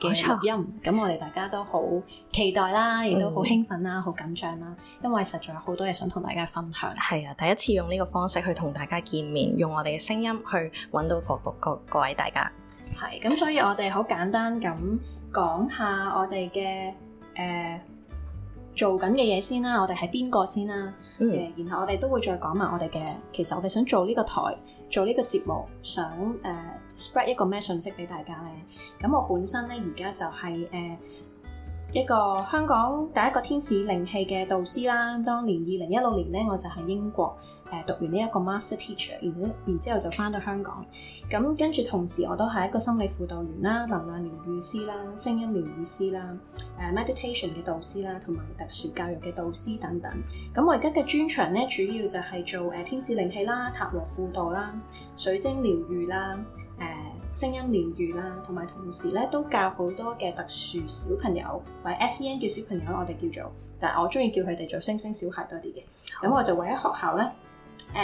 嘅錄音，咁、嗯、我哋大家都好期待啦，亦都好興奮啦，好緊張啦，因為實在有好多嘢想同大家分享。係啊，第一次用呢個方式去同大家見面，用我哋嘅聲音去揾到各各各各位大家。係，咁、 啊、所以我哋好簡單咁講下我哋嘅誒做緊嘅嘢先啦，我哋係邊個先啦、啊？誒、嗯，然後我哋都會再講埋我哋嘅，其實我哋想做呢個台，做呢個節目，想誒。呃 Spread 一個咩信息俾大家咧？咁我本身咧而家就係、是、誒、呃、一個香港第一個天使靈氣嘅導師啦。當年二零一六年咧，我就喺英國誒、呃、讀完呢一個 Master Teacher，然然之後就翻到香港。咁跟住同時我都係一個心理輔導員啦、能量療癒師啦、聲音療癒師啦、誒、呃、Meditation 嘅導師啦，同埋特殊教育嘅導師等等。咁、嗯、我而家嘅專長咧，主要就係做誒、呃、天使靈氣啦、塔羅輔導啦、水晶療癒啦。誒聲音療癒啦，同埋同時咧都教好多嘅特殊小朋友，或者 S E N 叫小朋友，我哋叫做，但係我中意叫佢哋做星星小孩多啲嘅。咁、嗯、我就為咗學校咧，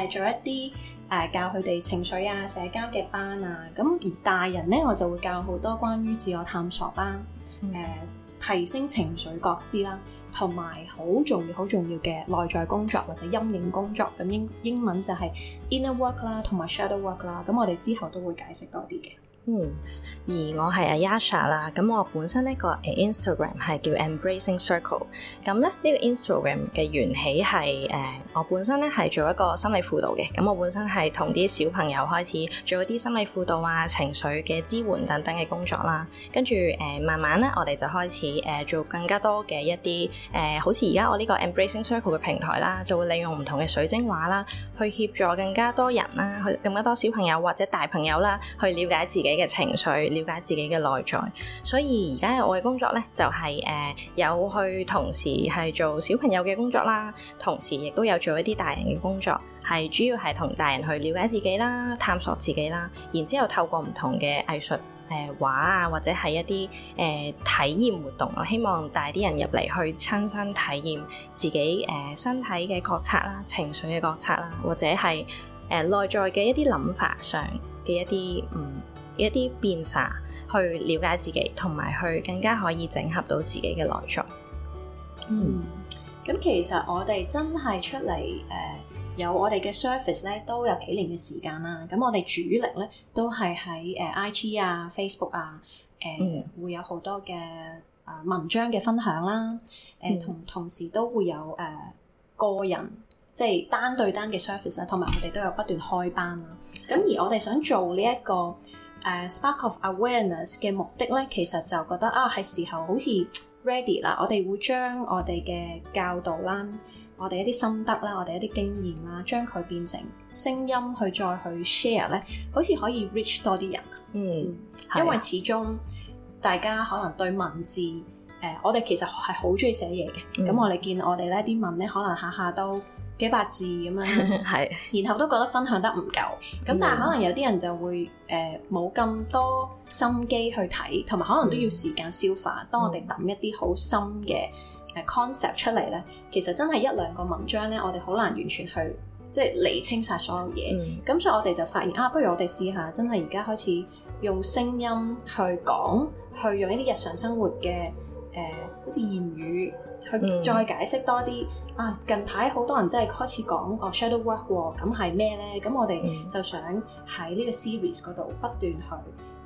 誒做一啲誒教佢哋情緒啊、社交嘅班啊。咁而大人咧，我就會教好多關於自我探索班、啊，誒、嗯呃、提升情緒覺知啦同埋好重要、好重要嘅內在工作或者陰影工作，咁英英文就係 inner work 啦，同埋 shadow work 啦，咁我哋之後都會解釋多啲嘅。嗯，而我係 Ayasha 啦，咁我本身呢個誒 Instagram 係叫 Embracing Circle，咁咧呢個 Instagram 嘅緣起係誒、呃、我本身咧係做一個心理輔導嘅，咁我本身係同啲小朋友開始做一啲心理輔導啊、情緒嘅支援等等嘅工作啦、啊，跟住誒、呃、慢慢咧我哋就開始誒、呃、做更加多嘅一啲誒、呃，好似而家我呢個 Embracing Circle 嘅平台啦，就會利用唔同嘅水晶畫啦，去協助更加多人啦、啊，去更加多小朋友或者大朋友啦、啊、去了解自己。嘅情緒，瞭解自己嘅內在，所以而家我嘅工作咧就係、是、誒、呃、有去同時係做小朋友嘅工作啦，同時亦都有做一啲大人嘅工作，係主要係同大人去了解自己啦、探索自己啦，然之後透過唔同嘅藝術誒畫啊，或者係一啲誒、呃、體驗活動，我希望帶啲人入嚟去親身體驗自己誒、呃、身體嘅覺察啦、情緒嘅覺察啦，或者係誒內在嘅一啲諗法上嘅一啲嗯。一啲變化，去了解自己，同埋去更加可以整合到自己嘅內在。嗯，嗯，咁其實我哋真係出嚟，誒、呃、有我哋嘅 service 咧，都有幾年嘅時間啦。咁我哋主力咧都係喺誒 IG 啊、Facebook 啊，誒、呃嗯、會有好多嘅啊、呃、文章嘅分享啦。誒、呃、同同時都會有誒、呃、個人即係單對單嘅 service 啦，同埋我哋都有不斷開班啦。咁而我哋想做呢、這、一個。誒、uh, Spark of Awareness 嘅目的咧，其實就覺得啊，係時候好似 ready 啦，我哋會將我哋嘅教導啦，我哋一啲心得啦，我哋一啲經驗啦，將佢變成聲音去再去 share 咧，好似可以 reach 多啲人。嗯，因為始終大家可能對文字誒、嗯呃，我哋其實係好中意寫嘢嘅，咁、嗯、我哋見我哋呢啲文咧，可能下下都幾百字咁樣， 是然後都覺得分享得唔夠，咁、mm hmm. 但係可能有啲人就會誒冇咁多心機去睇，同埋可能都要時間消化。Mm hmm. 當我哋抌一啲好深嘅誒 concept 出嚟咧，其實真係一兩個文章咧，我哋好難完全去即係理清晒所有嘢。咁、mm hmm. 所以我哋就發現啊，不如我哋試下真係而家開始用聲音去講，去用一啲日常生活嘅誒、呃，好似言語去再解釋多啲。Mm hmm. 啊！近排好多人真係開始講哦、 oh，shadow work 喎，咁係咩咧？咁 我哋就想喺呢個 series 嗰度不斷去誒、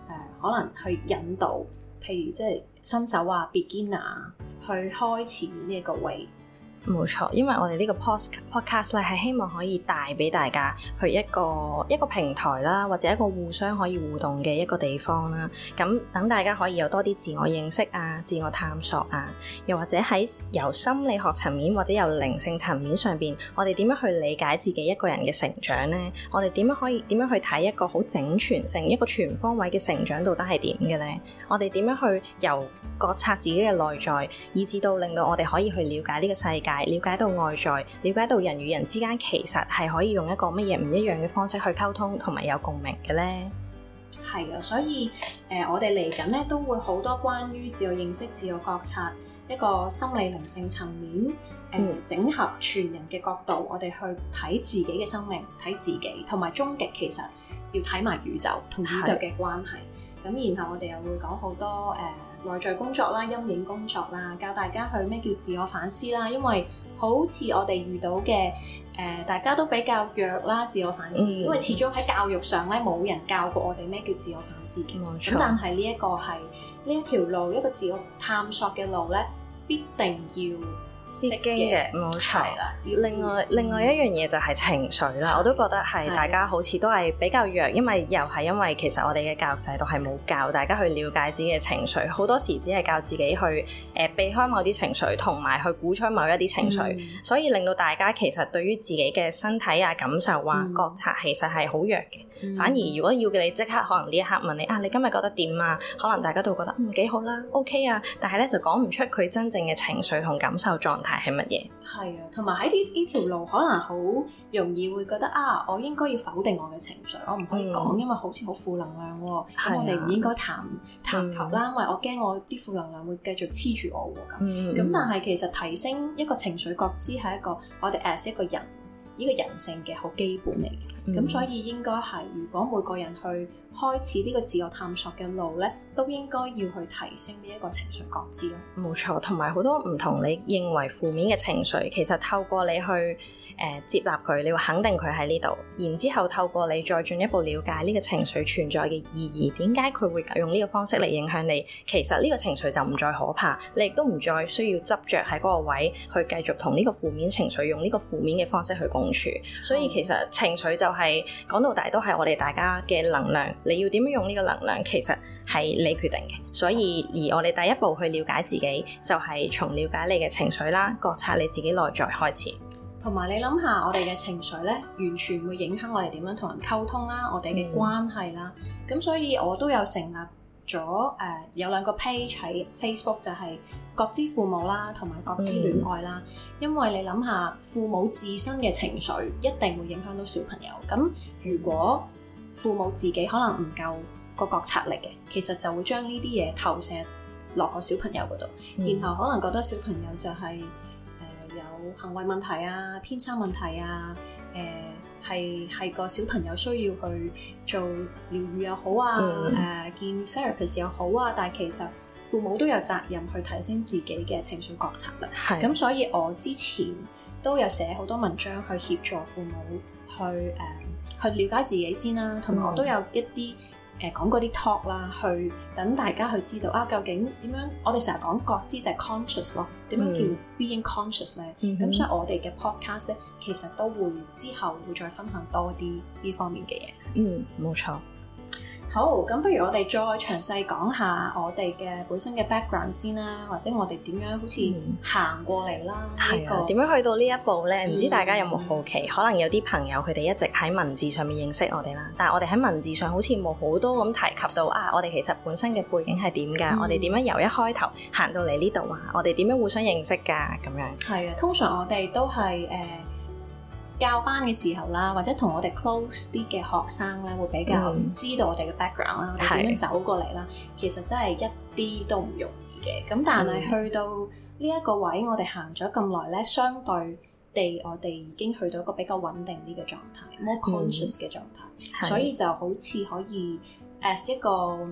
呃，可能去引導，譬如即、就、係、是、新手啊、beginner、啊、去開始呢一個位。冇錯，因為我哋呢個 podcast 咧，係希望可以帶俾大家去一個一個平台啦，或者一個互相可以互動嘅一個地方啦。咁等大家可以有多啲自我認識啊，自我探索啊，又或者喺由心理學層面或者由靈性層面上邊，我哋點樣去理解自己一個人嘅成長呢？我哋點樣可以點樣去睇一個好整全性、一個全方位嘅成長到底係點嘅呢？我哋點樣去由覺察自己嘅內在，以至到令到我哋可以去了解呢個世界。了解到外在，了解到人與人之間其實係可以用一個乜嘢唔一樣嘅方式去溝通，同埋有共鳴嘅咧。係啊，所以誒、呃，我哋嚟緊咧都會好多關於自我認識、自我覺察一個心理靈性層面誒、呃、整合全人嘅角度，我哋去睇自己嘅生命，睇自己，同埋終極其實要睇埋宇宙同宇宙嘅關係，咁的然後我哋又會講好多誒。呃內在工作啦，陰影工作啦，教大家去咩叫自我反思啦。因為好似我哋遇到嘅，誒大家都比較弱啦，自我反思。因為、呃嗯、因為始終喺教育上咧，冇人教過我哋咩叫自我反思嘅。冇錯。咁但係呢一個係呢一條路，一個自我探索嘅路咧，必定要。適應嘅，冇錯。另外另外一樣嘢就係情緒啦，嗯、我都覺得係大家好似都係比較弱，因為又係因為其實我哋嘅教育制度係冇教大家去了解自己嘅情緒，好多時只係教自己去誒、呃、避開某啲情緒，同埋去鼓吹某一啲情緒，嗯、所以令到大家其實對於自己嘅身體啊、感受啊、覺察，其實係好弱嘅。嗯、反而如果要嘅，你即刻可能呢一刻問你啊，你今日覺得點啊？可能大家都會覺得嗯幾好啦，OK 啊，但係咧就講唔出佢真正嘅情緒同感受狀。問題係乜嘢？係啊，同埋喺呢呢條路可能好容易會覺得啊，我應該要否定我嘅情緒，我唔可以講，嗯、因為好似好負能量，啊、我哋唔應該談談求啦，嗯、因為我驚我啲負能量會繼續黐住我咁。咁、嗯、但係其實提升一個情緒覺知係一個我哋 as 一個人呢個人性嘅好基本嚟嘅，咁、嗯、所以應該係如果每個人去。開始呢個自我探索嘅路咧，都應該要去提升呢一個情緒覺知咯。冇錯，同埋好多唔同你認為負面嘅情緒，其實透過你去誒、呃、接納佢，你會肯定佢喺呢度，然之後透過你再進一步了解呢個情緒存在嘅意義，點解佢會用呢個方式嚟影響你？其實呢個情緒就唔再可怕，你亦都唔再需要執着喺嗰個位去繼續同呢個負面情緒用呢個負面嘅方式去共處。嗯、所以其實情緒就係、是、講到底都係我哋大家嘅能量。你要點樣用呢個能量，其實係你決定嘅。所以而我哋第一步去了解自己，就係、是、從了解你嘅情緒啦，覺察你自己內在開始。同埋你諗下，我哋嘅情緒咧，完全會影響我哋點樣同人溝通啦，我哋嘅關係啦。咁所以我都有成立咗誒、呃，有兩個 page 喺 Facebook 就係覺知父母啦，同埋覺知戀愛啦。嗯、因為你諗下，父母自身嘅情緒一定會影響到小朋友。咁如果父母自己可能唔夠個覺察力嘅，其實就會將呢啲嘢投射落個小朋友嗰度，嗯、然後可能覺得小朋友就係、是、誒、呃、有行為問題啊、偏差問題啊，誒係係個小朋友需要去做療愈又好啊、誒、嗯呃、見 therapist 又好啊。但係其實父母都有責任去提升自己嘅情緒覺察力。咁是所以我之前都有寫好多文章去協助父母去誒。呃去了解自己先啦，同埋我都有一啲誒、呃、講過啲 talk 啦，去等大家去知道啊，究竟點樣？我哋成日講覺知就係 conscious 咯，點樣叫 being conscious 咧？咁、mm hmm. 所以我哋嘅 podcast 咧，其實都會之後會再分享多啲呢方面嘅嘢。嗯，冇錯。好，咁不如我哋再詳細講下我哋嘅本身嘅 background 先啦，或者我哋點樣好似行、嗯、過嚟啦，這個、啊，點樣去到呢一步呢？唔知大家有冇好奇？嗯、可能有啲朋友佢哋一直喺文字上面認識我哋啦，但係我哋喺文字上好似冇好多咁提及到啊，我哋其實本身嘅背景係點噶？嗯、我哋點樣由一開頭行到嚟呢度啊？我哋點樣互相認識噶？咁樣？係啊，通常我哋都係誒。呃教班嘅時候啦，或者同我哋 close 啲嘅學生咧，會比較知道我哋嘅 background 啦，點、嗯、樣走過嚟啦。是其實真係一啲都唔容易嘅。咁但係去到呢一個位，嗯、我哋行咗咁耐咧，相對地，我哋已經去到一個比較穩定啲嘅狀態，more conscious 嘅狀態，所以就好似可以 as 一個。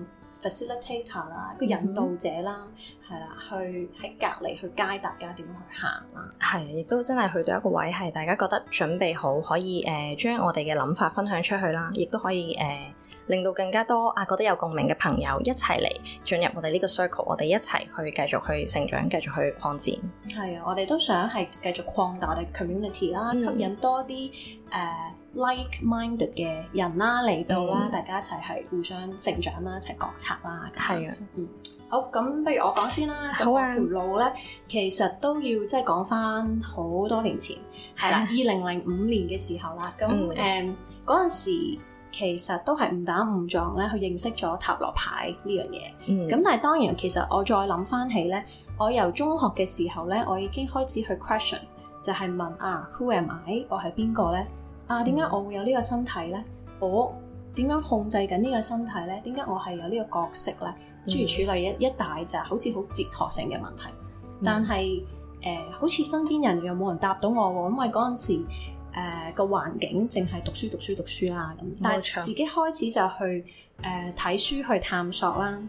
facilitator 啦，個引導者啦，係啦、mm hmm.，去喺隔籬去街，大家點樣去行啦？係亦都真係去到一個位，係大家覺得準備好，可以誒將、呃、我哋嘅諗法分享出去啦，亦都可以誒。呃令到更加多啊，覺得有共鳴嘅朋友一齊嚟進入我哋呢個 circle，我哋一齊去繼續去成長，繼續去擴展。係啊，我哋都想係繼續擴大我哋 community 啦、嗯，吸引多啲誒、uh, like-minded 嘅人啦嚟到啦，嗯、大家一齊係互相成長啦，一齊共策啦。係啊，的嗯。好，咁不如我講先啦。好啊。條路咧，其實都要即係講返好多年前，係啦的，二零零五年嘅時候啦。咁誒、嗯，嗰陣、嗯 um, 時。其實都係誤打誤撞咧，去認識咗塔羅牌呢樣嘢。咁、mm hmm. 但係當然，其實我再諗翻起咧，我由中學嘅時候咧，我已經開始去 question，就係問啊，Who am I？我係邊個咧？啊，點解我會有呢個身體咧？Mm hmm. 我點樣控制緊呢個身體咧？點解我係有呢個角色咧？Mm hmm. 諸如此類，一一帶就，好似好哲學性嘅問題。Mm hmm. 但係誒、呃，好似身邊人又冇人答到我喎，因為嗰陣時。誒、呃、個環境淨係讀書讀書讀書啦，咁但係自己開始就去誒睇、呃、書去探索啦。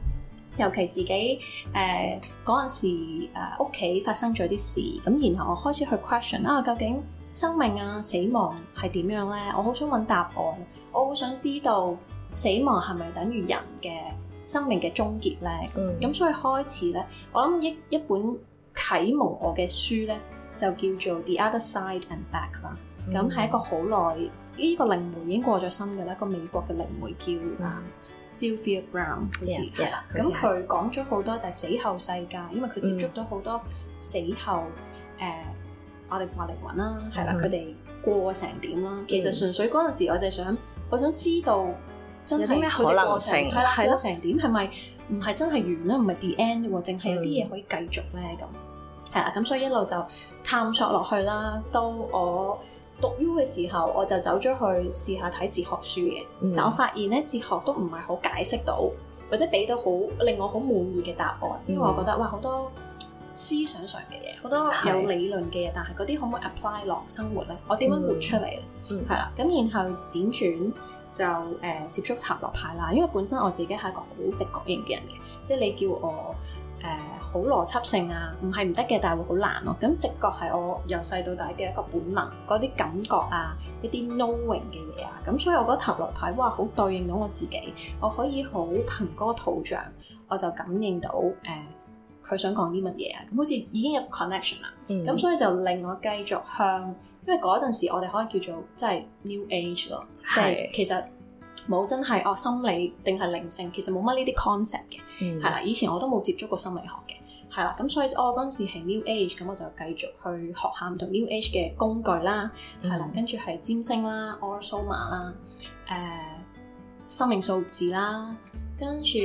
尤其自己誒嗰陣時屋企、呃、發生咗啲事咁，然後我開始去 question 啊，究竟生命啊死亡係點樣咧？我好想揾答案，我好想知道死亡係咪等於人嘅生命嘅終結咧？咁、嗯、所以開始咧，我諗一一本啟蒙我嘅書咧，就叫做《The Other Side and Back》啦。咁係一個好耐，呢個靈媒已經過咗身嘅咧。個美國嘅靈媒叫 Sylvia Brown，好似咁，佢講咗好多就係死後世界，因為佢接觸到好多死後誒，我哋話靈魂啦，係啦，佢哋過成點啦。其實純粹嗰陣時，我就係想我想知道真係佢哋過成點係啦，過成點係咪唔係真係完咧？唔係 the end 喎，淨係有啲嘢可以繼續咧咁。係啦，咁所以一路就探索落去啦，都我。讀 U 嘅時候，我就走咗去試下睇哲學書嘅，mm hmm。但我發現咧哲學都唔係好解釋到，或者俾到好令我好滿意嘅答案，mm hmm。因為我覺得哇好多思想上嘅嘢，好多有理論嘅嘢，是但係嗰啲可唔可以 apply 落生活咧？我點樣活出嚟？係啦、mm，咁、hmm。然後輾轉就誒、呃、接觸塔羅牌啦，因為本身我自己係一個好直覺型嘅人嘅，即係你叫我誒。呃好邏輯性啊，唔係唔得嘅，但係會好難咯、啊。咁直覺係我由細到大嘅一個本能，嗰啲感覺啊，一啲 knowing 嘅嘢啊，咁所以我覺得塔羅牌哇，好對應到我自己，我可以好憑嗰個圖像，我就感應到誒佢、呃、想講啲乜嘢啊，咁好似已經有 connection 啦，咁、嗯、所以就令我繼續向，因為嗰陣時我哋可以叫做即係 new age 咯，即係是其實。冇真係哦，心理定係靈性，其實冇乜呢啲 concept 嘅，係啦、嗯。以前我都冇接觸過心理學嘅，係啦。咁所以我嗰陣時係 New Age，咁我就繼續去學下唔同 New Age 嘅工具啦，係、嗯、啦，跟住係占星啦、Aura-Soma 啦、誒生命數字啦，跟住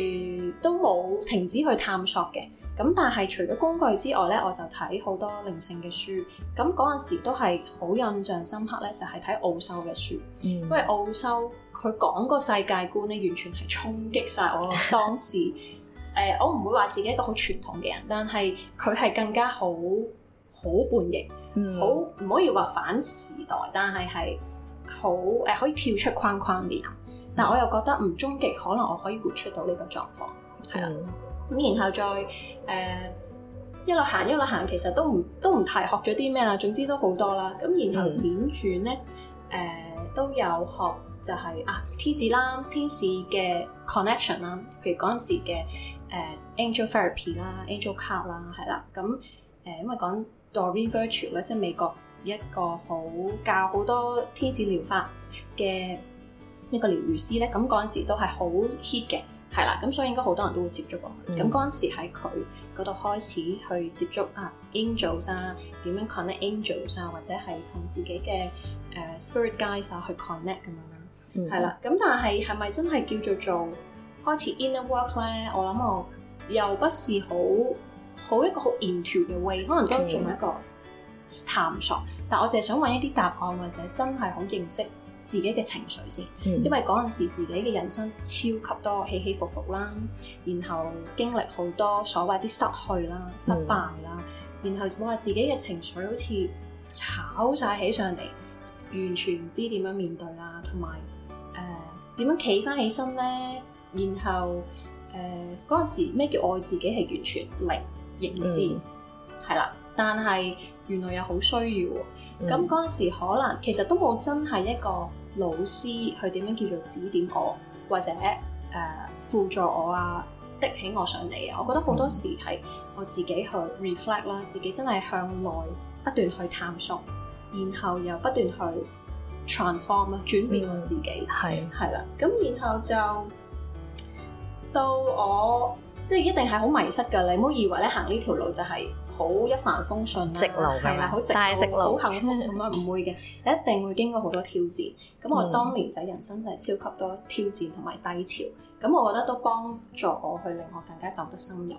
都冇停止去探索嘅。咁但係除咗工具之外咧，我就睇好多靈性嘅書。咁嗰陣時都係好印象深刻咧，就係睇奧修嘅書，嗯、因為奧修。佢講個世界觀咧，完全係衝擊晒我 當時。誒、呃，我唔會話自己一個好傳統嘅人，但係佢係更加好好叛逆，好唔可以話反時代，但係係好誒可以跳出框框嘅人。但我又覺得唔終極，可能我可以活出到呢個狀況，係啦、啊。咁、嗯、然後再誒、呃、一路行一路行，其實都唔都唔太學咗啲咩啦。總之都好多啦。咁然後輾轉咧誒、呃、都有學。就係、是、啊天使啦，天使嘅 connection 啦，譬如陣時嘅誒、呃、angel therapy 啦，angel card 啦，係啦。咁誒、呃、因為講 Doreen Virtue 咧，即係美國一個好教好多天使療法嘅一個療癒師咧。咁陣時都係好 hit 嘅，係啦。咁所以應該好多人都會接觸過佢。咁嗰陣時喺佢度開始去接觸啊，angels 啊，點樣 connect angels 啊，或者係同自己嘅誒、呃、spirit guides 啊去 connect 咁樣。係啦，咁、mm hmm. 但係係咪真係叫做做開始 inner work 咧？我諗我又不是好好一個好 intuitive 嘅 way，可能都仲係一個探索。但我淨係想揾一啲答案，或者真係好認識自己嘅情緒先，mm hmm. 因為嗰陣時自己嘅人生超級多起起伏伏啦，然後經歷好多所謂啲失去啦、失敗啦，mm hmm. 然後話自己嘅情緒好似炒晒起上嚟，完全唔知點樣面對啦，同埋。點樣企翻起身咧？然後誒嗰陣時咩叫愛自己係完全零認知，係啦、嗯。但係原來又好需要。咁嗰陣時可能其實都冇真係一個老師去點樣叫做指點我，或者誒輔、呃、助我啊，的起我上嚟啊。我覺得好多時係我自己去 reflect 啦，自己真係向內不斷去探索，然後又不斷去。Transform 啊，轉變我自己係係啦，咁、嗯、然後就到我即係一定係好迷失㗎，你唔好以為咧行呢條路就係好一帆風順，直路，係咪好直路好幸福咁樣？唔會嘅，你一定會經過好多挑戰。咁我當年仔人生係超級多挑戰同埋低潮，咁、嗯、我覺得都幫助我去令我更加走得深入，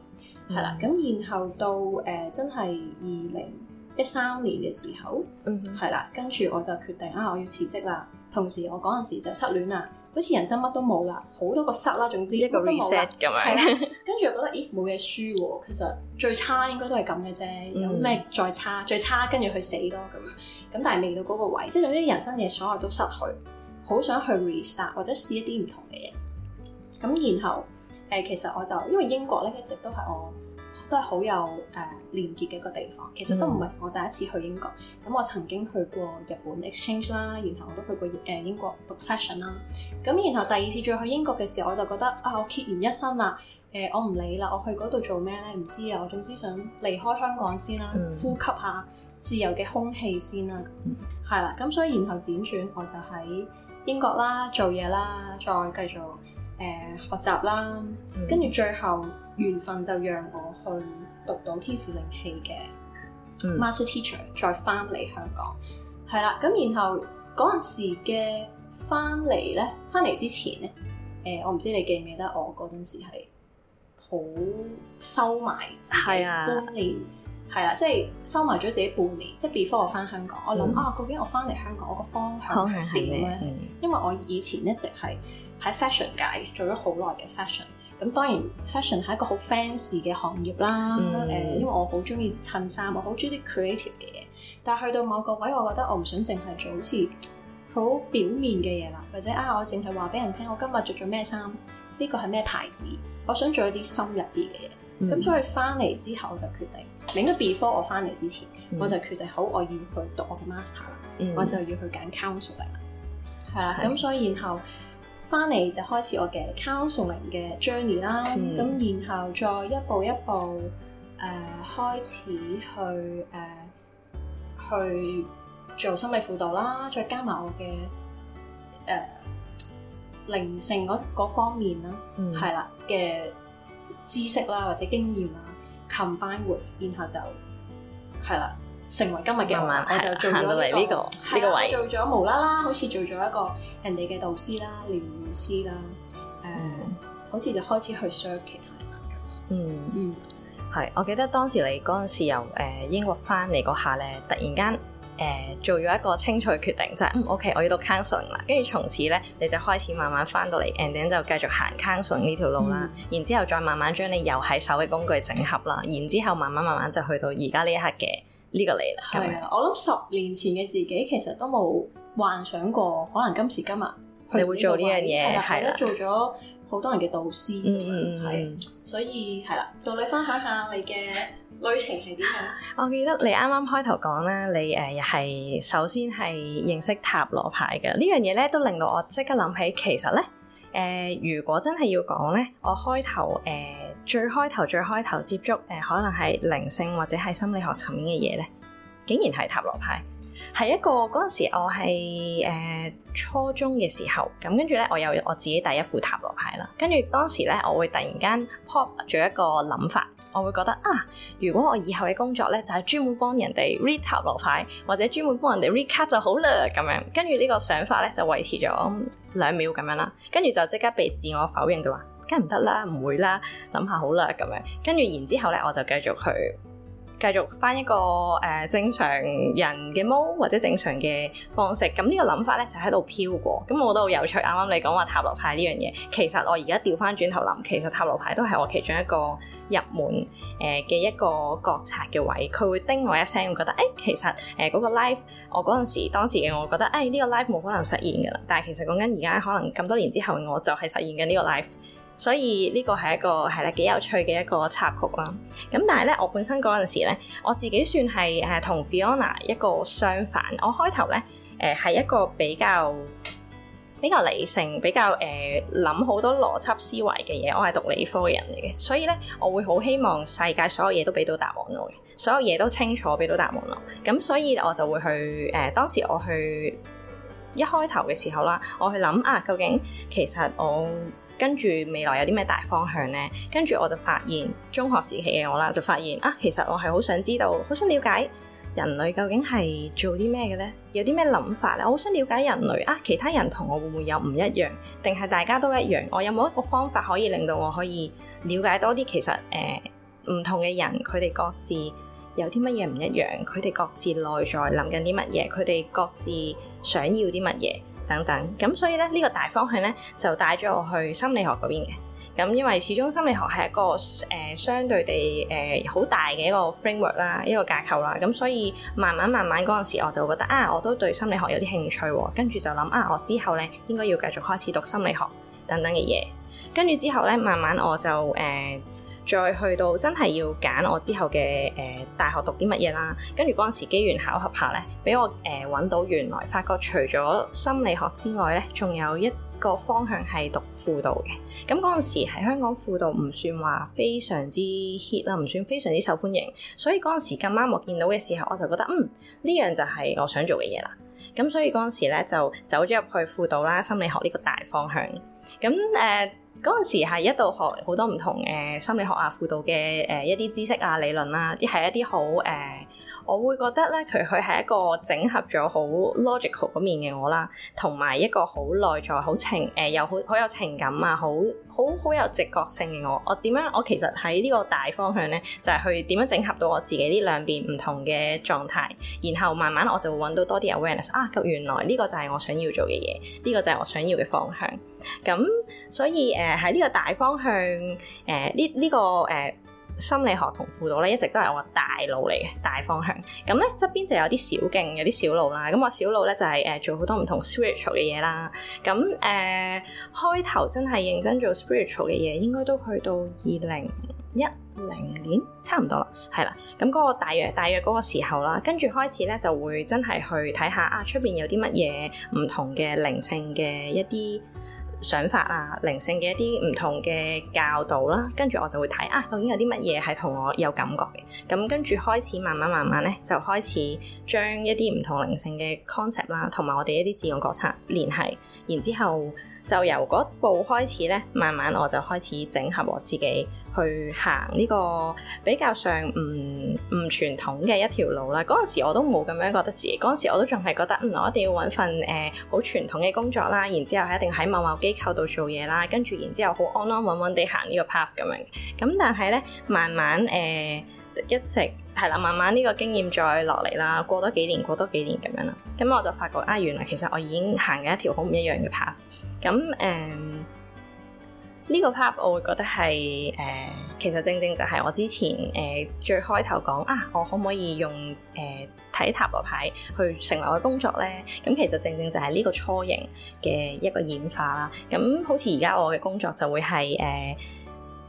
係啦、嗯。咁然後到誒、呃、真係二零。一三年嘅時候，嗯、mm，係、hmm. 啦，跟住我就決定啊，我要辭職啦。同時我嗰陣時就失戀啦，好似人生乜都冇啦，好多個失啦，總之一個 reset 咁樣。跟住又覺得咦，冇嘢輸喎，其實最差應該都係咁嘅啫，有咩再差、mm hmm. 最差跟住去死咯咁樣。咁但係未到嗰個位，即係總之人生嘅所有都失去，好想去 restart 或者試一啲唔同嘅嘢。咁然後誒、呃，其實我就因為英國咧一直都係我。都係好有誒、呃、連結嘅一個地方，其實都唔係我第一次去英國，咁、嗯、我曾經去過日本 exchange 啦，然後我都去過誒英、呃、英國讀 fashion 啦、啊，咁然後第二次再去英國嘅時候，我就覺得啊，我豁然一新啦，誒、呃、我唔理啦，我去嗰度做咩咧？唔知啊，我總之想離開香港先啦、啊，嗯、呼吸下自由嘅空氣先啦、啊，係啦、嗯，咁所以然後輾轉我就喺英國啦做嘢啦，再繼續。誒、呃、學習啦，跟住最後緣分就讓我去讀到天使靈氣嘅 master teacher，、嗯、再翻嚟香港，係啦。咁然後嗰陣時嘅翻嚟咧，翻嚟之前咧，誒、呃、我唔知你記唔記得我嗰陣時係好收埋自己半年，係是啊，即係收埋咗自己半年。即、就、係、是、before 我翻香港，我諗、嗯、啊，究竟我翻嚟香港我個方向係點咧？因為我以前一直係。喺 fashion 界做咗好耐嘅 fashion，咁當然 fashion 係一個好 fancy 嘅行業啦。誒、mm，hmm. uh, 因為我好中意襯衫，我好中意啲 creative 嘅嘢。但係去到某個位，我覺得我唔想淨係做好似好表面嘅嘢啦，或者啊，我淨係話俾人聽我今日着咗咩衫，呢、呢個係咩牌子。我想做一啲深入啲嘅嘢。咁、mm hmm. 所以翻嚟之後，就決定，應該 before 我翻嚟之前，mm hmm. 我就決定好，我要去讀我嘅 master 啦，mm hmm. 我就要去揀 counsel 嚟啦。係、hmm. 啦、啊，咁所以然後。翻嚟就開始我嘅 counseling 嘅 journey 啦，咁然後再一步一步誒、呃、開始去誒、呃、去做心理輔導啦，再加埋我嘅誒、呃、靈性嗰嗰方面啦，係啦嘅知識啦或者經驗啊 combine with，然後就係啦。成為今日嘅我，我就做嚟呢、這個，位，做咗無啦啦，好似做咗一個人哋嘅導師啦、療護師啦，誒，好似就開始去 serve 其他人嘅。嗯嗯，係、嗯。我記得當時你嗰陣時由誒、呃、英國翻嚟嗰下咧，突然間誒、呃、做咗一個清楚決定，就係、是嗯、OK，我要讀 counselling 啦。跟住從此咧，你就開始慢慢翻到嚟 And then 就繼續行 counselling 呢條路啦。嗯、然之後再慢慢將你又喺手嘅工具整合啦。然後之後慢慢慢慢就去到而家呢一刻嘅。呢個嚟啦，係啊！我諗十年前嘅自己，其實都冇幻想過可能今時今日你會做呢樣嘢，係啦，做咗好多人嘅導師，嗯嗯係、嗯，所以係啦，到你分享下你嘅旅程係點樣。 我記得你啱啱開頭講咧，你誒又係首先係認識塔羅牌嘅呢樣嘢咧，都令到我即刻諗起，其實咧。誒、呃，如果真係要講呢，我開頭誒、呃、最開頭最開頭接觸誒、呃，可能係靈性或者係心理學層面嘅嘢呢，竟然係塔羅牌，係一個嗰陣時我係誒、呃、初中嘅時候，咁跟住呢，我有我自己第一副塔羅牌啦，跟住當時呢，我會突然間 pop 咗一個諗法。我會覺得啊，如果我以後嘅工作咧，就係、是、專門幫人哋 read 塔羅牌，或者專門幫人哋 re cut 就好啦，咁樣跟住呢個想法咧，就維持咗兩秒咁樣啦，跟住就即刻被自我否認就話，梗唔得啦，唔會啦，諗下好啦，咁樣跟住然之後咧，我就繼續去。繼續翻一個誒、呃、正常人嘅毛或者正常嘅方式。咁呢個諗法咧就喺、是、度飄過。咁我都好有趣，啱啱你講話塔羅牌呢樣嘢，其實我而家調翻轉頭諗，其實塔羅牌都係我其中一個入門誒嘅、呃、一個覺察嘅位。佢會叮我一聲，覺得誒其實誒嗰個 life，我嗰陣時當時嘅我覺得誒呢、哎呃呢個 life 冇、哎呢個、可能實現㗎啦。但係其實講緊而家可能咁多年之後，我就係實現緊呢個 life。所以呢個係一個係啦幾有趣嘅一個插曲啦。咁但係咧，我本身嗰陣時咧，我自己算係誒同 Fiona 一個相反。我開頭咧誒係一個比較比較理性、比較誒諗好多邏輯思維嘅嘢。我係讀理科嘅人嚟嘅，所以咧我會好希望世界所有嘢都俾到答案我嘅，所有嘢都清楚俾到答案我。咁所以我就會去誒、呃、當時我去一開頭嘅時候啦，我去諗啊，究竟其實我。跟住未來有啲咩大方向呢？跟住我就發現，中學時期嘅我啦，就發現啊，其實我係好想知道，好想了解人類究竟係做啲咩嘅呢？有啲咩諗法咧？我好想了解人類啊，其他人同我會唔會有唔一樣？定係大家都一樣？我有冇一個方法可以令到我可以了解多啲？其實誒，唔同嘅人佢哋各自有啲乜嘢唔一樣？佢哋各自內在諗緊啲乜嘢？佢哋各自想要啲乜嘢？等等，咁所以咧呢、這個大方向咧就帶咗我去心理學嗰邊嘅。咁因為始終心理學係一個誒、呃、相對地誒好、呃、大嘅一個 framework 啦，一個架構啦。咁所以慢慢慢慢嗰陣時，我就覺得啊，我都對心理學有啲興趣喎、哦。跟住就諗啊，我之後咧應該要繼續開始讀心理學等等嘅嘢。跟住之後咧，慢慢我就誒。呃再去到真係要揀我之後嘅誒、呃、大學讀啲乜嘢啦，跟住嗰陣時機緣巧合下咧，俾我誒揾、呃、到原來發覺除咗心理學之外咧，仲有一個方向係讀輔導嘅。咁嗰陣時喺香港輔導唔算話非常之 hit 啦，唔算非常之受歡迎，所以嗰陣時咁啱我見到嘅時候，我就覺得嗯，呢樣就係我想做嘅嘢啦。咁所以嗰陣時咧就走咗入去輔導啦、心理學呢個大方向。咁誒。呃嗰陣時係一度學好多唔同誒心理學啊、輔導嘅誒一啲知識啊、理論啦，啲係一啲好誒。呃我會覺得咧，佢佢係一個整合咗好 logical 嗰面嘅我啦，同埋一個好內在、好情誒又好好有情感啊，好好好有直覺性嘅我。我點樣？我其實喺呢個大方向咧，就係、係、去點樣整合到我自己呢兩邊唔同嘅狀態，然後慢慢我就會揾到多啲 awareness 啊！咁原來呢個就係我想要做嘅嘢，呢、呢個就係我想要嘅方向。咁所以誒，喺、呃、呢個大方向誒，呢、呃、呢、呢個誒。呃心理學同輔導咧，一直都係我大路嚟嘅大方向。咁咧側邊就有啲小徑，有啲小路啦。咁我小路咧就係、是、誒、呃、做好多唔同 spiritual 嘅嘢啦。咁誒、呃、開頭真係認真做 spiritual 嘅嘢，應該都去到二零一零年、欸、差唔多啦，係啦。咁嗰個大約大約嗰個時候啦，跟住開始咧就會真係去睇下啊，出邊有啲乜嘢唔同嘅靈性嘅一啲，想法啊，靈性嘅一啲唔同嘅教導啦，跟住我就會睇啊，究竟有啲乜嘢係同我有感覺嘅，咁跟住開始慢慢慢慢咧，就開始將一啲唔同靈性嘅 concept 啦，同埋我哋一啲自我覺察聯繫，然之後。就由嗰步開始咧，慢慢我就開始整合我自己去行呢個比較上唔唔傳統嘅一條路啦。嗰陣時我都冇咁樣覺得自己，嗰陣時我都仲係覺得，嗯，我一定要揾份誒好、呃、傳統嘅工作啦，然之後係一定喺某某機構度做嘢啦，跟住然之後好安安穩穩地行呢個 path 咁樣。咁但係咧，慢慢誒、呃、一直。係啦，慢慢呢個經驗再落嚟啦，過多幾年，過多幾年咁樣啦。咁我就發覺啊，原來其實我已經行緊一條好唔一樣嘅 path。咁誒呢個 path，我會覺得係誒、呃，其實正正就係我之前誒、呃、最開頭講啊，我可唔可以用誒睇、呃、塔羅牌去成為我嘅工作咧？咁其實正正就係呢個雛形嘅一個演化啦。咁好似而家我嘅工作就會係誒、呃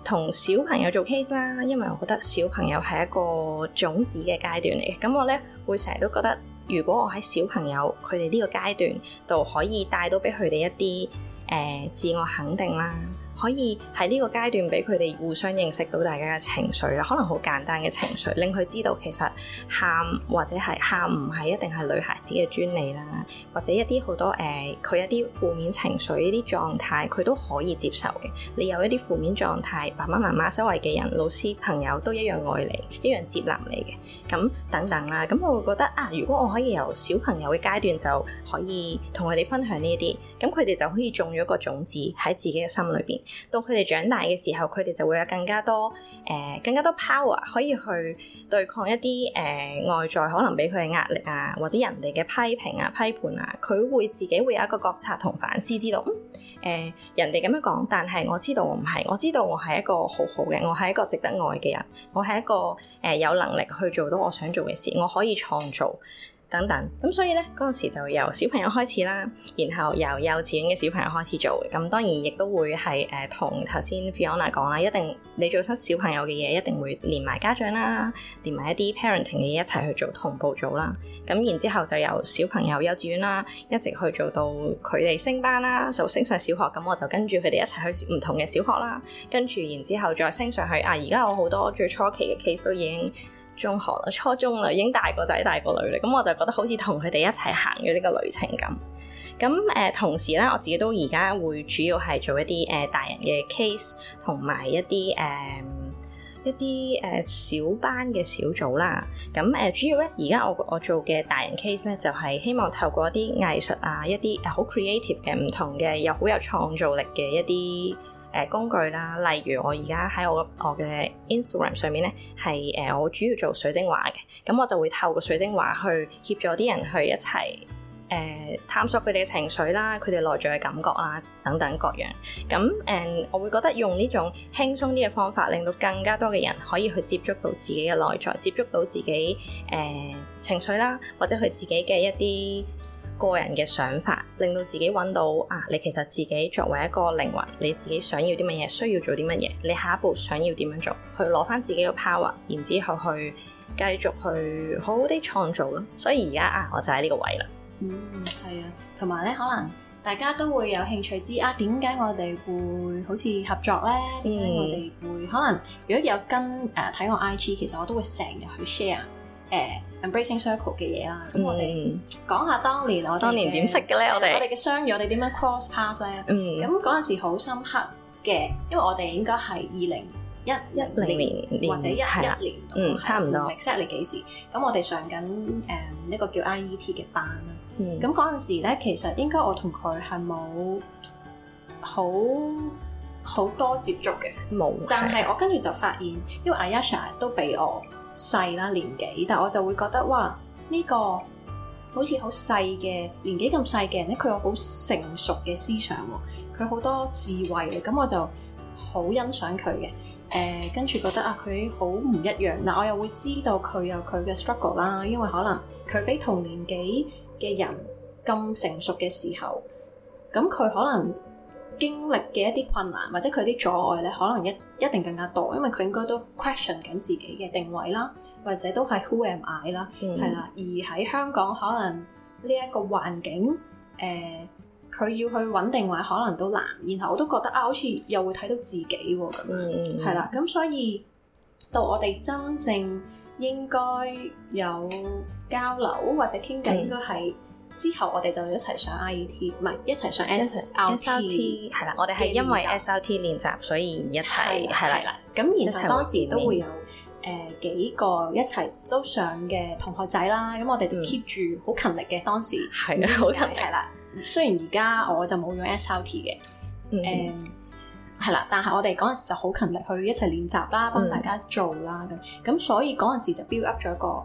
同小朋友做 case 啦，因為我覺得小朋友係一個種子嘅階段嚟嘅，咁我咧會成日都覺得，如果我喺小朋友佢哋呢個階段就可以帶到俾佢哋一啲誒、呃、自我肯定啦。可以喺呢個階段俾佢哋互相認識到大家嘅情緒啦，可能好簡單嘅情緒，令佢知道其實喊或者係喊唔係一定係女孩子嘅專利啦，或者一啲好多誒佢、呃、一啲負面情緒，一啲狀態佢都可以接受嘅。你有一啲負面狀態，爸爸媽媽，周圍嘅人、老師、朋友都一樣愛你，一樣接納你嘅。咁等等啦，咁我會覺得啊，如果我可以由小朋友嘅階段就可以同佢哋分享呢啲，咁佢哋就可以種咗一個種子喺自己嘅心裏邊。到佢哋長大嘅時候，佢哋就會有更加多誒、呃，更加多 power 可以去對抗一啲誒、呃、外在可能俾佢嘅壓力啊，或者人哋嘅批評啊、批判啊，佢會自己會有一個覺察同反思，知道誒、嗯呃、人哋咁樣講，但係我知道我唔係，我知道我係一個好好嘅，我係一個值得愛嘅人，我係一個誒、呃、有能力去做到我想做嘅事，我可以創造。等等咁，所以咧，嗰陣時就由小朋友開始啦，然後由幼稚園嘅小朋友開始做。咁當然亦都會係誒、呃、同頭先 Fiona 講啦，一定你做出小朋友嘅嘢，一定會連埋家長啦，連埋一啲 parenting 嘅嘢一齊去做同步做啦。咁然之後就由小朋友幼稚園啦，一直去做到佢哋升班啦，就升上小學。咁我就跟住佢哋一齊去唔同嘅小學啦。跟住然之後再升上去。啊！而家我好多最初期嘅 case 都已經，中學啦，初中啦，已經大個仔大個女啦，咁我就覺得好似同佢哋一齊行咗呢個旅程咁。咁誒、呃，同時咧，我自己都而家會主要係做一啲誒、呃、大人嘅 case，同埋一啲誒、呃、一啲誒、呃、小班嘅小組啦。咁誒、呃，主要咧，而家我我做嘅大人 case 咧，就係、是、希望透過一啲藝術啊，一啲誒好 creative 嘅唔同嘅，又好有創造力嘅一啲。誒、呃、工具啦，例如我而家喺我我嘅 Instagram 上面咧，係誒、呃、我主要做水晶畫嘅，咁我就會透過水晶畫去協助啲人去一齊誒、呃、探索佢哋嘅情緒啦、佢哋內在嘅感覺啦等等各樣，咁誒、呃，我會覺得用呢種輕鬆啲嘅方法，令到更加多嘅人可以去接觸到自己嘅內在，接觸到自己誒、呃、情緒啦，或者佢自己嘅一啲。個人嘅想法，令到自己揾到啊！你其實自己作為一個靈魂，你自己想要啲乜嘢，需要做啲乜嘢，你下一步想要點樣做，去攞翻自己嘅 power，然之後去繼續去好好地創造咯。所以而家啊，我就喺呢個位啦。嗯，係啊，同埋呢，可能大家都會有興趣知啊，點解我哋會好似合作呢？點、嗯嗯、我哋會可能如果有跟誒睇、啊、我 IG，其實我都會成日去 share。誒 embracing circle 嘅嘢啦，咁我哋講下當年我哋點識嘅咧，我哋我哋嘅相遇我哋點樣 cross path 咧？嗯，咁嗰陣時好深刻嘅，因為我哋應該係二零一一零年或者一一年度，嗯，差唔多。唔知你幾時？咁我哋上緊誒呢個叫 IET 嘅班啦。嗯，咁嗰陣時咧，其實應該我同佢係冇好好多接觸嘅，冇。但係我跟住就發現，因為 Ayasha 都俾我。細啦年紀，但我就會覺得哇，呢、這個好似好細嘅年紀咁細嘅人咧，佢有好成熟嘅思想喎，佢好多智慧嘅，咁我就好欣賞佢嘅誒，跟、呃、住覺得啊，佢好唔一樣嗱、呃。我又會知道佢有佢嘅 struggle 啦，因為可能佢比同年紀嘅人咁成熟嘅時候，咁佢可能。經歷嘅一啲困難或者佢啲阻礙咧，可能一一定更加多，因為佢應該都 question 緊自己嘅定位啦，或者都係 who am I 啦、嗯，係啦。而喺香港可能呢一個環境，誒、呃、佢要去穩定位可能都難，然後我都覺得啊，好似又會睇到自己咁樣，係啦。咁所以到我哋真正應該有交流或者傾偈，嗯、應該係。之後我哋就一齊上 IET，唔係一齊上 SRT。SRT 係啦，我哋係因為 SRT 練習，所以一齊係啦。咁然後當時都會有誒幾個一齊都上嘅同學仔啦。咁我哋都 keep 住好勤力嘅，當時係啊，好勤力啦。雖然而家我就冇用 SRT 嘅誒係啦，但係我哋嗰陣時就好勤力去一齊練習啦，幫大家做啦咁。咁所以嗰陣時就 build up 咗一個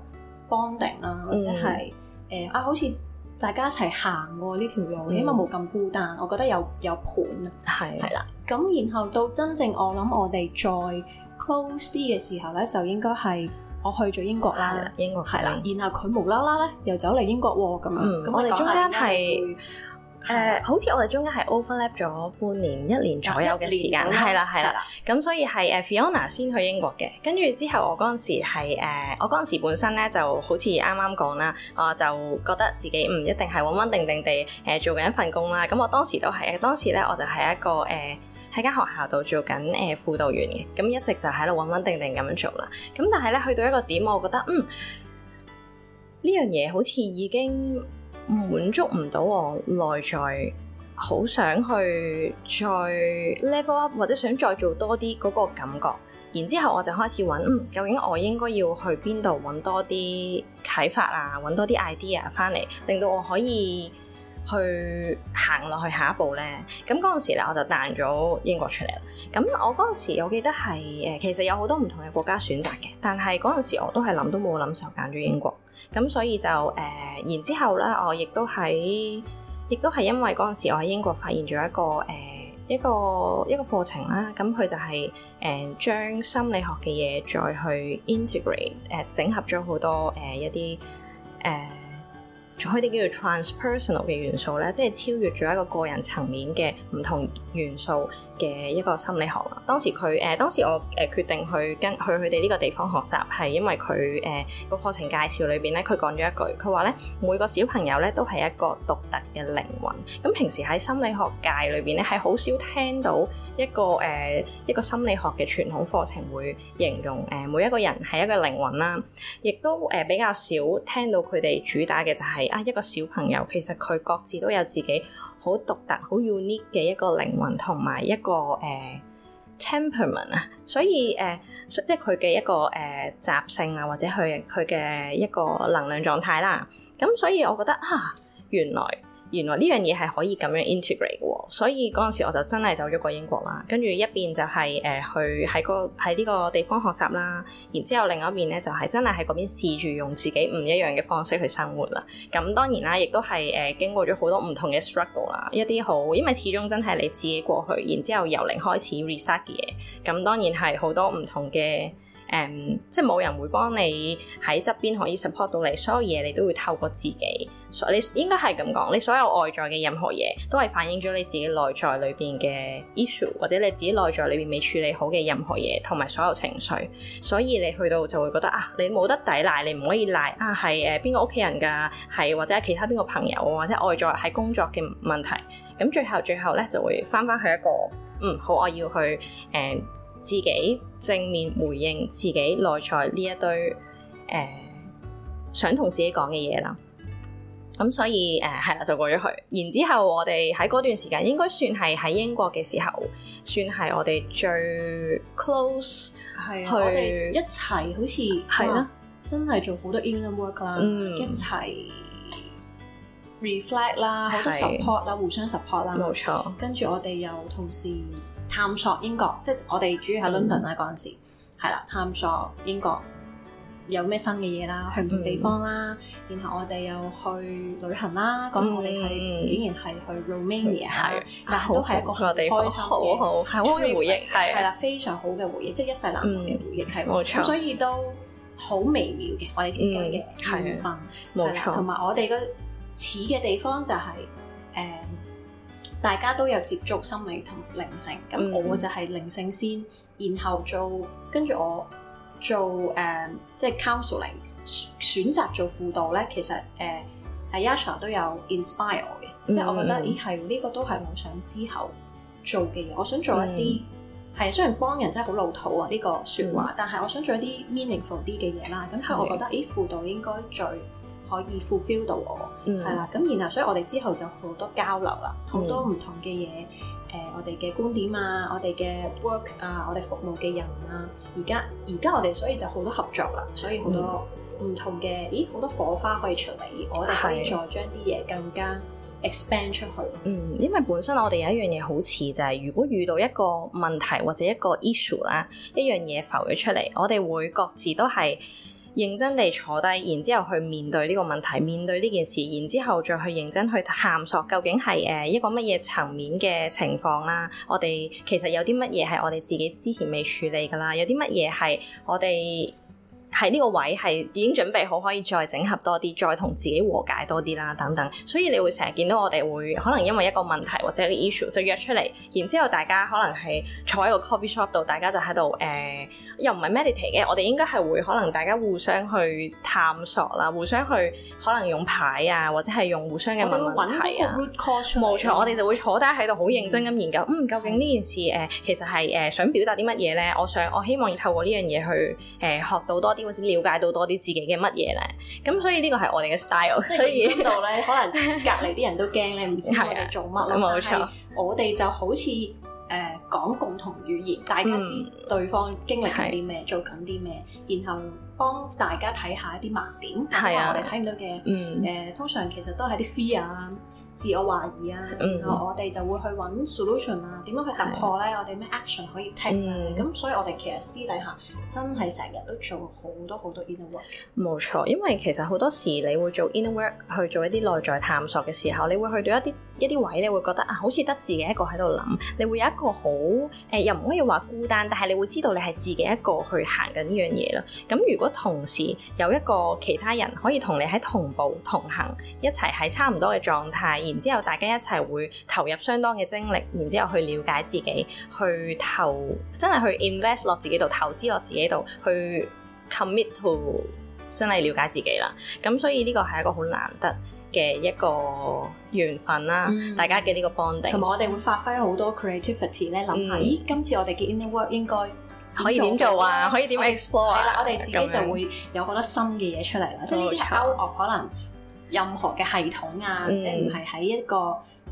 bonding 啦，或者係誒啊，好似～大家一齊行過呢條路，嗯、因為冇咁孤單。我覺得有有伴啊，係啦是。咁的然後到真正我諗我哋再 close 啲嘅時候咧，就應該係我去咗英國啦，英國係啦。然後佢無啦啦咧又走嚟英國喎，咁樣咁我哋中間係。誒、呃，好似我哋中間係 overlap 咗半年一年左右嘅時間，係啦，係啦。咁所以係誒，Fiona 先去英國嘅，跟住之後我嗰陣時係、呃、我嗰陣時本身咧就好似啱啱講啦，我就覺得自己唔一定係穩穩定定地誒做緊一份工啦。咁我當時都係嘅，當時咧我就係一個誒喺間學校度做緊誒輔導員嘅，咁一直就喺度穩穩定定咁樣做啦。咁但係咧去到一個點，我覺得嗯呢樣嘢好似已經。滿足唔到我內在，好想去再 level up，或者想再做多啲嗰個感覺。然之後我就開始揾，嗯，究竟我應該要去邊度揾多啲啟發啊，揾多啲 idea 翻嚟，令到我可以。去行落去下一步呢。咁嗰陣時咧，我就彈咗英國出嚟啦。咁我嗰陣時，我記得係誒，其實有好多唔同嘅國家選擇嘅，但係嗰陣時我都係諗都冇諗，就揀咗英國。咁所以就誒、呃，然之後呢，我亦都係，亦都係因為嗰陣時我喺英國發現咗一個誒、呃、一個一個課程啦。咁佢就係、是、誒、呃、將心理學嘅嘢再去 integrate 誒、呃、整合咗好多誒、呃、一啲誒。呃仲有啲叫做 transpersonal 嘅元素咧，即係超越咗一個個人層面嘅唔同元素嘅一個心理學啦。當時佢誒、呃、當時我誒決定去跟去佢哋呢個地方學習，係因為佢誒個課程介紹裏邊咧，佢講咗一句，佢話咧每個小朋友咧都係一個獨特嘅靈魂。咁平時喺心理學界裏邊咧，係好少聽到一個誒、呃、一個心理學嘅傳統課程會形容誒每一個人係一個靈魂啦，亦都誒、呃、比較少聽到佢哋主打嘅就係、是。啊！一個小朋友其實佢各自都有自己好獨特、好 unique 嘅一個靈魂同埋一個誒、呃、temperament 啊，所以誒、呃、即係佢嘅一個誒習、呃、性啊，或者佢佢嘅一個能量狀態啦。咁所以我覺得啊，原來。原來呢樣嘢係可以咁樣 integrate 嘅。哦，所以嗰陣時我就真係走咗過英國啦，跟住一邊就係、是、誒、呃、去喺個喺呢個地方學習啦，然之後另一邊咧就係、是、真係喺嗰邊試住用自己唔一樣嘅方式去生活啦。咁當然啦，亦都係誒、呃、經過咗好多唔同嘅 struggle 啦，一啲好，因為始終真係你自己過去，然之後由零開始 reset 嘅嘢，咁當然係好多唔同嘅。誒，um, 即係冇人會幫你喺側邊可以 support 到你，所有嘢你都會透過自己，所你應該係咁講，你所有外在嘅任何嘢都係反映咗你自己內在裏邊嘅 issue，或者你自己內在裏邊未處理好嘅任何嘢，同埋所有情緒，所以你去到就會覺得啊，你冇得抵賴，你唔可以賴啊，係誒邊個屋企人㗎，係或者其他邊個朋友或者外在喺工作嘅問題，咁最後最後咧就會返返去一個，嗯，好，我要去誒。嗯自己正面回應自己內在呢一堆誒、呃，想同自己講嘅嘢啦。咁、嗯、所以誒係啦，就過咗去。然之後我哋喺嗰段時間應該算係喺英國嘅時候，算係我哋最 close 係的去我哋一齊好似係啦，啊、的真係做好多 inner work 啦，嗯、一齊 reflect 啦，好的多 support 啦，互相 support 啦，冇錯。跟住我哋又同時。探索英國，即係我哋主要喺 London 啦嗰陣時，係啦探索英國有咩新嘅嘢啦，去地方啦，然後我哋又去旅行啦，咁我哋係竟然係去 Romania，係，但係都係一個開心嘅，係好回憶。係係啦，非常好嘅回憶，即係一世難忘嘅回憶。係冇錯，所以都好微妙嘅我哋自己嘅緣分，冇錯，同埋我哋嘅似嘅地方就係誒。大家都有接觸心理同靈性，咁我就係靈性先，然後做跟住我做誒即、呃、係、就是、counseling 選擇做輔導咧。其實誒阿、呃、Yasha 都有 inspire 我嘅，嗯、即係我覺得咦係呢個都係我想之後做嘅嘢。我想做一啲係、嗯、雖然幫人真係好老土啊呢、這個說話，嗯、但係我想做一啲 meaningful 啲嘅嘢啦。咁所以我覺得誒輔導應該最。可以 fulfill 到我，係啦、嗯，咁然後所以我哋之後就好多交流啦，好、嗯、多唔同嘅嘢，誒、呃、我哋嘅觀點啊，我哋嘅 work 啊，我哋服務嘅人啊，而家而家我哋所以就好多合作啦，所以好多唔同嘅，嗯、咦好多火花可以出嚟，我哋可以再將啲嘢更加 expand 出去。嗯，因為本身我哋有一樣嘢好似就係、是，如果遇到一個問題或者一個 issue 啦，一樣嘢浮咗出嚟，我哋會各自都係。認真地坐低，然之後去面對呢個問題，面對呢件事，然之後再去認真去探索，究竟係誒一個乜嘢層面嘅情況啦。我哋其實有啲乜嘢係我哋自己之前未處理㗎喇，有啲乜嘢係我哋。喺呢個位係已經準備好可以再整合多啲，再同自己和解多啲啦，等等。所以你會成日見到我哋會可能因為一個問題或者一個 issue 就約出嚟，然之後大家可能係坐喺個 coffee shop 度，大家就喺度誒又唔係 meditate 嘅。我哋應該係會可能大家互相去探索啦，互相去可能用牌啊，或者係用互相嘅問問題啊。冇錯，我哋就會坐低喺度好認真咁研究，嗯，嗯，究竟呢件事誒、呃、其實係誒、呃、想表達啲乜嘢咧？我想我希望透過呢樣嘢去誒、呃、學到多啲。先了解到多啲自己嘅乜嘢咧，咁所以呢個係我哋嘅 style，所以呢度咧，可能隔籬啲人都驚咧，唔知我哋做乜，冇錯、 啊。我哋就好似誒講共同語言，嗯、大家知對方經歷係啲咩，是做緊啲咩，然後幫大家睇下一啲盲點，係啊，我哋睇唔到嘅，嗯，誒、呃，通常其實都係啲 fear 啊。自我懷疑啊，我哋就會去揾 solution 啊，點樣去突破咧？對我哋咩 action 可以 take 咁、啊嗯、所以我哋其實私底下真係成日都做好多好多 inner work。冇錯，因為其實好多時你會做 inner work 去做一啲內在探索嘅時候，你會去到一啲一啲位，你會覺得啊，好似得自己一個喺度諗，你會有一個好誒、呃，又唔可以話孤單，但係你會知道你係自己一個去行緊呢樣嘢咯。咁如果同時有一個其他人可以同你喺同步同行，一齊喺差唔多嘅狀態。然之後，大家一齊會投入相當嘅精力，然之後去了解自己，去投真係去 invest 落自己度，投資落自己度，去 commit to 真係了解自己啦。咁所以呢個係一個好難得嘅一個緣分啦。嗯、大家嘅呢個 bonding，同埋我哋會發揮好多 creativity 咧，諗係咦，今次我哋嘅 inner work 應該可以點做啊？可以點 explore、啊、樣我哋自己就會有好多新嘅嘢出嚟啦。嗯、樣即係呢啲係歐樂可能。任何嘅系統啊，mm. 即係唔係喺一個誒、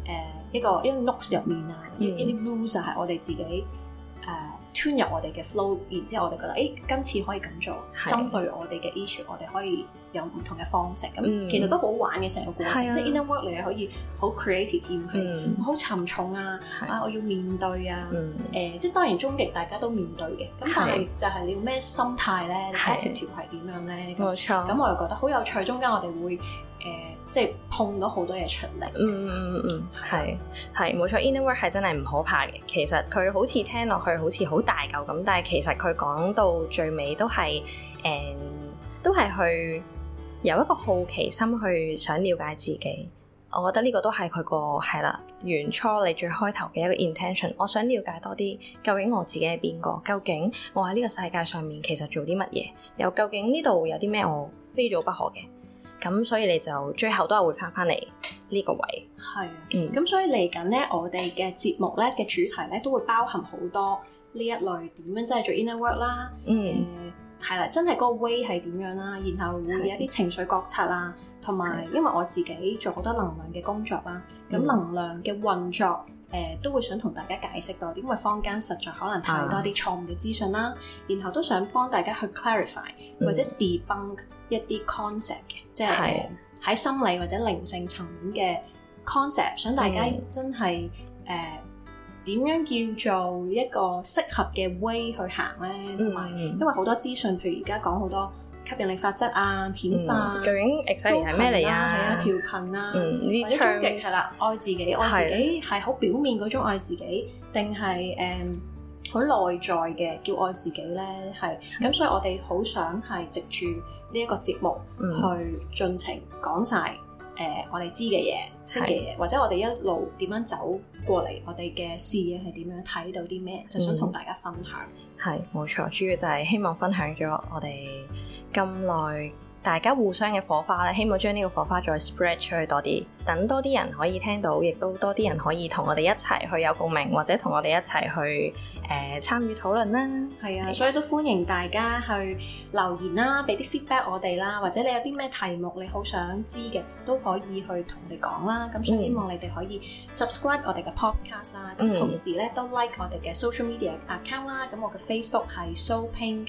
呃、一個一個 notes 入面啊，一啲 rules 就係我哋自己誒。呃穿入我哋嘅 flow，然之後我哋覺得，誒、欸、今次可以咁做，針是對我哋嘅 issue，我哋可以有唔同嘅方式。咁、嗯、其實都好玩嘅成個過程，啊、即係 inner work 嚟，world 你可以好 creative 添，嗯，好沉重啊，是啊我要面對啊，誒、嗯呃、即係當然終極大家都面對嘅，咁、嗯、但係就係你要咩心態咧，attitude 係點樣咧？冇錯錯，咁我係覺得好有趣，中間我哋會誒。呃即係碰到好多嘢出嚟、嗯，嗯嗯嗯嗯，係係冇錯，inner work 係真係唔可怕嘅。其實佢好似聽落去好似好大嚿咁，但係其實佢講到最尾都係誒、嗯，都係去有一個好奇心去想了解自己。我覺得呢個都係佢個係啦，原初你最開頭嘅一個 intention，我想了解多啲究竟我自己係邊個，究竟我喺呢個世界上面其實做啲乜嘢，又究竟呢度有啲咩我非做不可嘅。咁所以你就最後都係會翻翻嚟呢個位。係啊的，咁、嗯、所以嚟緊咧，我哋嘅節目咧嘅主題咧都會包含好多呢一類點樣，即係做 inner work 啦，嗯，係啦、呃，真係嗰個 way 係點樣啦，然後會有一啲情緒覺察啊，同埋因為我自己做好多能量嘅工作啦，咁、嗯、能量嘅運作。誒、呃、都會想同大家解釋多啲，因為坊間實在可能太多啲錯誤嘅資訊啦，啊、然後都想幫大家去 clarify 或者 debunk 一啲 concept 嘅、嗯是，即係喺心理或者靈性層面嘅 concept，想大家真係誒點樣叫做一個適合嘅 way 去行咧，嗯、同埋因為好多資訊譬如而家講好多。吸引力法則啊，片化、啊嗯，究竟 exciting 係咩嚟啊？啊，調頻啊，啊嗯、或者中極係啦，愛自己，愛自己係好表面嗰種愛自己，定係誒好內在嘅叫愛自己咧？係，咁、嗯、所以我哋好想係藉住呢一個節目去盡情講晒誒、呃、我哋知嘅嘢、識嘅嘢，的或者我哋一路點樣走。過嚟我哋嘅視野係點樣睇到啲咩，就、嗯、想同大家分享。係，冇錯，主要就係希望分享咗我哋咁耐，大家互相嘅火花咧，希望將呢個火花再 spread 出去多啲，等多啲人可以聽到，亦都多啲人可以同我哋一齊去有共鳴，或者同我哋一齊去誒、呃、參與討論啦。係啊，所以都歡迎大家去留言啦，俾啲 feedback 我哋啦，或者你有啲咩題目你好想知嘅，都可以去同我哋講啦。咁所以希望你哋可以 subscribe 我哋嘅 podcast 啦，嗯、同時咧都 like 我哋嘅 social media account 啦。咁我嘅 Facebook 係 So Pink。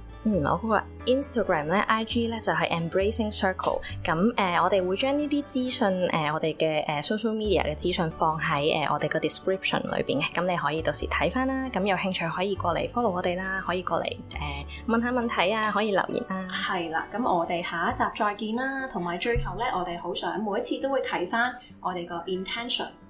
嗯，我嗰 Instagram 咧，IG 咧就係 embracing circle。咁、呃、誒，我哋會將呢啲資訊誒，我哋嘅誒 social media 嘅資訊放喺誒、呃、我哋個 description 裏邊嘅。咁你可以到時睇翻啦。咁有興趣可以過嚟 follow 我哋啦，可以過嚟誒、呃、問下問題啊，可以留言、啊、啦。係啦，咁我哋下一集再見啦。同埋最後咧，我哋好想每一次都會睇翻我哋個 intention。